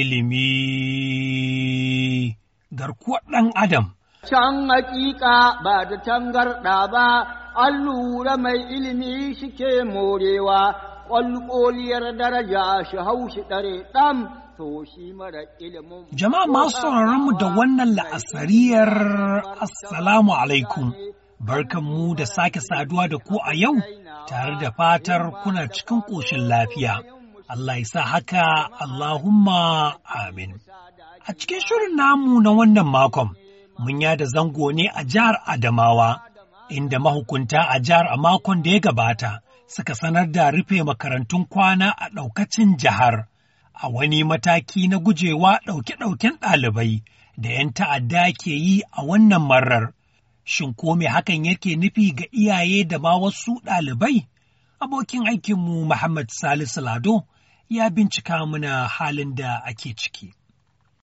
ilimi garkuwar ɗan adam. Can hakika ba da can garɗa ba, an lura mai ilimi shike morewa, ƙwalƙoliyar daraja shi haushi ɗare ɗan to shi mara ilimin. Jama'a masu sauraron mu da wannan la'asariyar Assalamu alaikum. Barkan mu da sake saduwa da ku a yau tare da fatar kuna cikin ƙoshin lafiya. Allah ya sa haka Allahumma amin. A cikin shirin namu na wannan makon, mun yada zango ne a jihar Adamawa, inda mahukunta a jihar a makon da ya gabata suka sanar da rufe makarantun kwana a ɗaukacin jihar. A wani mataki na gujewa ɗauke-ɗauken ɗalibai da 'yan ta'adda ke yi a wannan marar. Shin ko me hakan yake nufi ga iyaye da ma wasu ɗalibai? Abokin aikinmu Muhammad Salisu Lado ya bincika muna halin da ake ciki.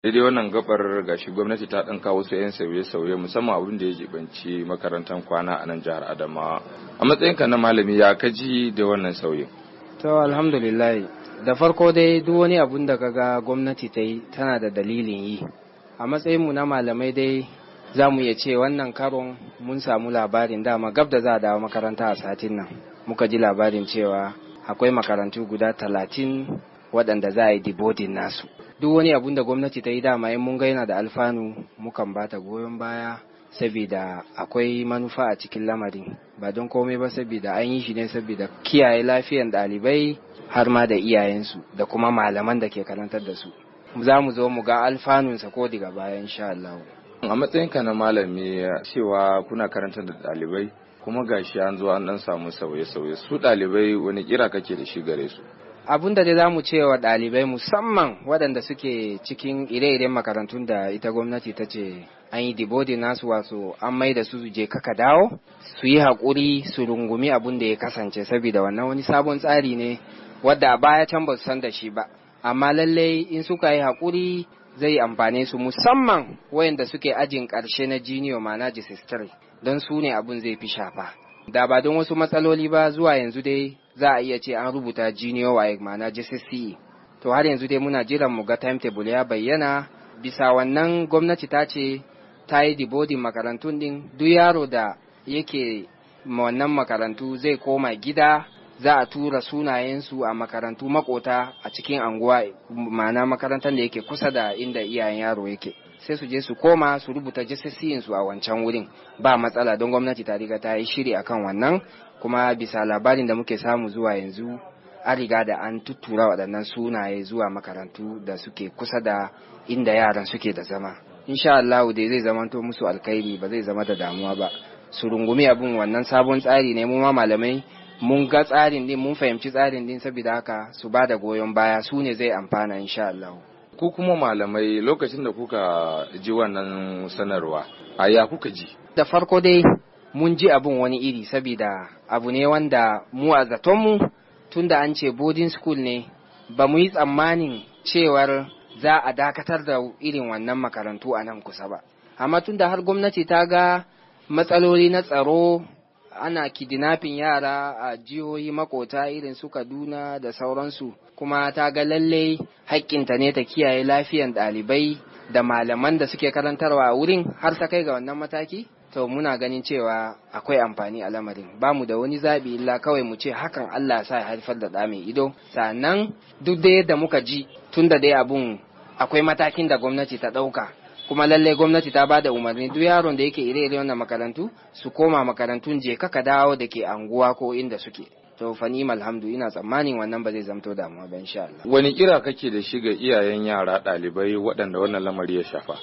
daidai wannan gabar gashi gwamnati ta ɗan kawo wasu 'yan sauye-sauye musamman abin da ya jibanci makarantar kwana a nan jihar adamawa a matsayinka na malami ya kaji da wannan sauye. to alhamdulillah da farko dai duk wani abun da ga gwamnati ta yi tana da dalilin yi a matsayin mu na malamai dai za mu iya ce wannan karon mun samu labarin dama gab da za a dawo makaranta a satin nan muka ji labarin cewa akwai makarantu guda talatin waɗanda za a yi dibodin nasu duk wani abun da gwamnati ta yi dama in mun ga yana da alfanu mukan ba ta goyon baya saboda akwai manufa a cikin lamarin ba don komai ba saboda an yi shi ne saboda kiyaye lafiyar ɗalibai har ma da iyayensu da kuma malaman da ke karantar da su za mu zo mu ga alfanunsa ko daga bayan sha Allah a matsayinka na malami cewa kuna karantar da ɗalibai kuma gashi an zo an dan samu sauye-sauye su ɗalibai wani kira kake da shi gare su abun da dai za ce wa ɗalibai musamman waɗanda suke cikin ire-iren makarantun da ita gwamnati ta ce an yi dibodi nasu wasu an mai da su je kaka dawo su yi haƙuri su rungumi abun da ya kasance saboda wannan wani sabon tsari ne wadda a baya can ba su san da shi ba amma lallai in suka yi haƙuri zai amfane su musamman wayanda suke ajin ƙarshe na junior mana jisistare don su ne abin zai fi shafa da ba don wasu matsaloli ba zuwa yanzu dai za a iya ce an rubuta junior waec ma'ana jcce to har yanzu dai muna jiran mu ga timetable ya bayyana bisa wannan gwamnati ta ce ta yi dibodin makarantun din duk yaro da yake wannan makarantu zai koma gida za a tura sunayensu a makarantu makota a cikin anguwa ma'ana makarantar da yake kusa da inda iyayen yaro yake sai su je su koma su rubuta jasasiyin su a wancan wurin ba matsala don gwamnati ta riga ta yi shiri akan wannan kuma bisa labarin da muke samu zuwa yanzu an riga da an tuttura waɗannan sunaye zuwa makarantu da suke kusa da inda yaran suke da zama insha Allah dai zai to musu alkhairi ba zai zama da damuwa ba su rungumi abin wannan sabon tsari ne mu ma malamai mun ga tsarin din mun fahimci tsarin din saboda haka su ba da goyon baya su ne zai amfana insha Allah ku kuma malamai lokacin da kuka ji wannan sanarwa a ya kuka ji da farko dai mun ji abin wani iri saboda abu ne wanda mu a zatonmu tunda an ce boarding school ne ba mu yi tsammanin cewar za a dakatar da irin wannan makarantu a nan kusa ba amma tunda har gwamnati ta ga matsaloli na tsaro ana kidnapping yara a jihohi makota irin su Kaduna da sauransu kuma ta ga lalle haƙƙinta ne ta kiyaye lafiyan ɗalibai da malaman da suke karantarwa a wurin har ta kai ga wannan mataki to muna ganin cewa akwai amfani a lamarin ba mu da wani zaɓi illa kawai mu ce hakan Allah sa ya haifar da ɗa mai ido sannan duk da yadda muka ji tun da dai abun akwai matakin da gwamnati ta ɗauka kuma lalle gwamnati ta bada umarni duk yaron da yake ire-ire wannan makarantu su koma makarantun je kaka dawo da ke anguwa ko inda suke to fani alhamdu ina tsammanin wannan ba zai zamto damuwa ba insha Allah wani kira kake da shi iyayen yara ɗalibai waɗanda wannan lamari ya shafa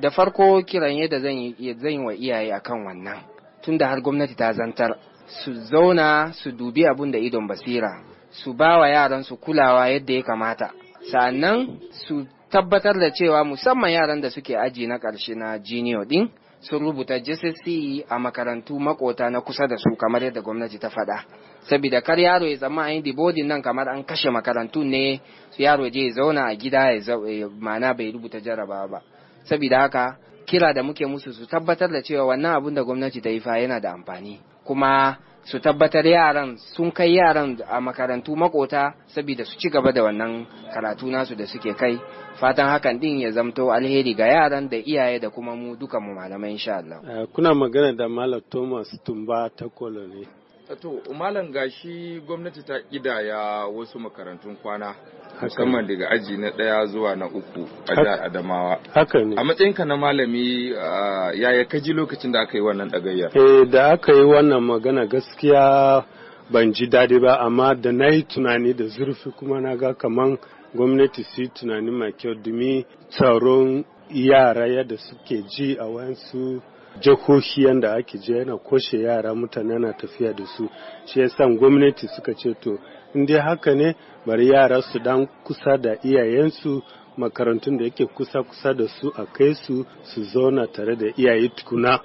da farko kiran yadda zan yi zan yi wa iyaye akan wannan tunda har gwamnati ta zantar su zauna su dubi abun da idon basira su ba wa yaran su kulawa yadda ya kamata sa'annan su tabbatar da cewa musamman yaran da suke aji na ƙarshe na jiniyo din sun rubuta JCC a makarantu makota na kusa da su kamar yadda gwamnati ta faɗa. Saboda kar yaro ya zama a yi bodin nan kamar an kashe makarantu ne yaro je ya zauna a gida ya eh, mana bai rubuta jarabawa ba. Saboda haka kira da muke musu su tabbatar da cewa wannan abun da gwamnati ta yi fa yana da amfani. Kuma su tabbatar yaran sun kai yaran a makarantu makota saboda su ci gaba da wannan karatu nasu da suke kai fatan hakan din ya zamto alheri ga yaran da iyaye da kuma mu duka mu malamai insha Allah eh, kuna magana da Malam Thomas Tumba ta ne Eh, to, malam gashi gwamnati ta kidaya wasu makarantun kwana, musamman daga aji na ɗaya zuwa na uku a jihar Adamawa. Haka ne. A matsayinka na malami ah, yaya ka ji lokacin da aka yi wannan dagayya Eh, da aka yi wannan magana gaskiya ban ji daɗi ba, amma da na yi tunani da zurfi kuma na ga kaman gwamnati su yi tunani mai kyau domin tsaron yara yadda suke ji a wayansu jakoki yadda ake je yana koshe yara mutane na tafiya da su shi yasa gwamnati suka ce to in dai haka ne bari yara su dan kusa da iyayensu makarantun da yake kusa kusa da su a kai su su zauna tare da iyaye tukuna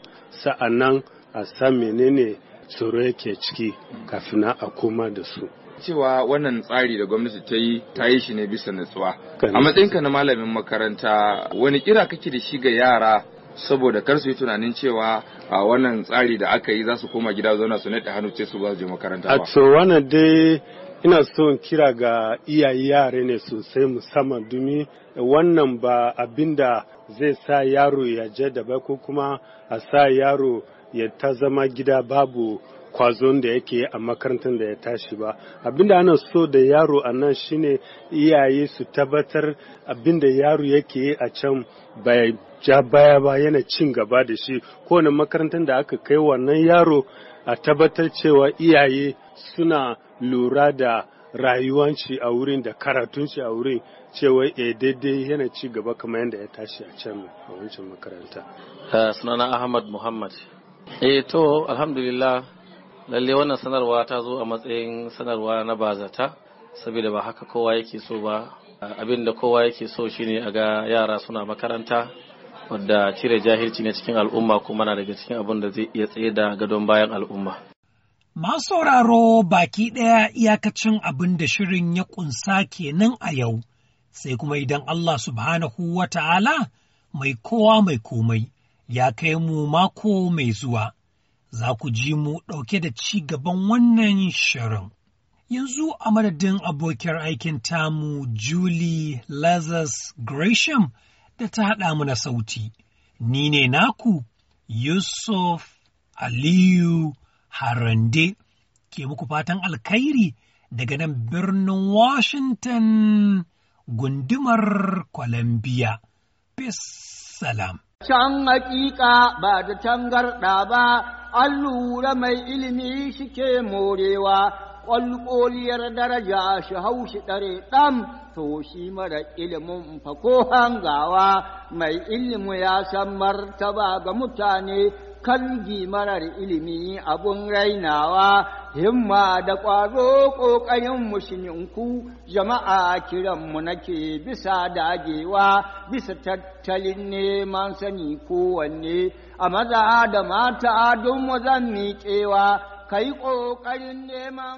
sa'annan a san menene tsoro yake ciki kafin a koma da su cewa wannan tsari da gwamnati ta yi ta yi shi ne bisa natsuwa a matsayinka na malamin makaranta wani kira kake da shi ga yara saboda kar su yi tunanin cewa a wannan tsari da aka yi za su koma gida zauna su naɗe hannu ce su ba su je makaranta ba. A to wannan dai ina son kira ga iyaye yare ne sosai musamman dumi wannan ba abin da zai sa yaro ya je da ba ko kuma a sa yaro ya ta zama gida babu kwazon da yake a makarantar da ya tashi ba abinda ana so da yaro a nan shine iyaye su tabbatar abinda yaro yake a can bai ja baya ba yana cin gaba da shi kowane makarantar da aka kai wannan yaro a tabbatar cewa iyaye suna lura da rayuwanci a wurin da karatunci a wurin cewa e daidai yana ci gaba kamar yadda ya tashi a can a wancan makaranta. Eh, sunana Ahmad Muhammad. Eh to alhamdulillah lalle wannan sanarwa ta zo a matsayin sanarwa na bazata saboda ba haka kowa yake so ba abin da kowa yake so shine a ga yara suna makaranta wadda cire jahilci ne cikin al'umma kuma na daga cikin abin da zai iya tsaye da gadon bayan al'umma. Masu sauraro baki ɗaya iyakacin abin da shirin ya ƙunsa kenan a yau, sai kuma idan Allah subhanahu wa ta'ala mai kowa mai komai ya kai mu mako mai zuwa. za ku ji mu ɗauke da ci gaban wannan shirin. Yanzu a madadin abokiyar aikin tamu Julie Lazarus Gresham da ta haɗa mana sauti, ni ne naku Yusuf Aliyu Harande ke muku fatan alkhairi daga nan birnin Washington gundumar Columbia. Peace salam. Can hakika ba da tangarɗa ba. an lura mai ilimi shi ke morewa ƙwalƙoliyar daraja shi haushi ɗare ɗan to shi mara ilimin fa ko hangawa mai ilimi ya san martaba ga mutane kangi marar ilimi abun rainawa himma da ƙwazo ƙoƙarin mushininku jama'a kiranmu nake bisa dagewa bisa tattalin neman sani kowanne a maza da mata don mu zan miƙewa kai ƙoƙarin neman